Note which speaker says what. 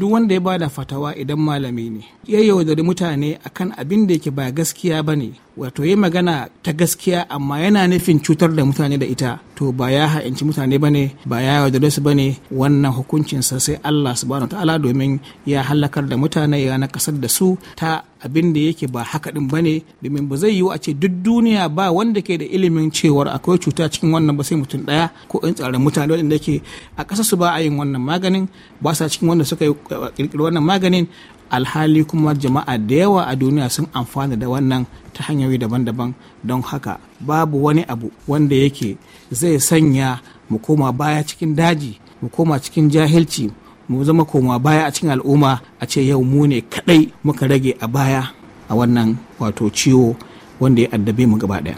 Speaker 1: duk wanda ya bada fatawa idan malami ne ya yaudari mutane akan abin da yake ba gaskiya ba ne wato ya magana ta gaskiya amma yana nufin cutar da mutane da ita to ba ya ha'inci mutane ba ne ba ya yaudare su ne wannan hukuncin sa sai Allah subhanahu ta'ala domin ya halakar da mutane ya nakasar da su ta abin da yake ba haka din ba ne domin ba zai yiwu a ce duk duniya ba wanda ke da ilimin cewar akwai cuta cikin wannan ba sai mutum daya ko in tsarin mutane wanda ke a ƙasa su ba a yin wannan maganin ba sa cikin wanda suka yi wannan maganin alhali kuma jama'a da yawa a duniya sun amfana da wannan ta hanyoyi daban-daban don haka babu wani abu wanda yake zai sanya mu koma baya cikin daji mu koma cikin jahilci mu zama koma baya a cikin al'umma a ce yau mu ne kadai muka rage a baya a wannan wato
Speaker 2: ciwo wanda ya addabe mu gaba daya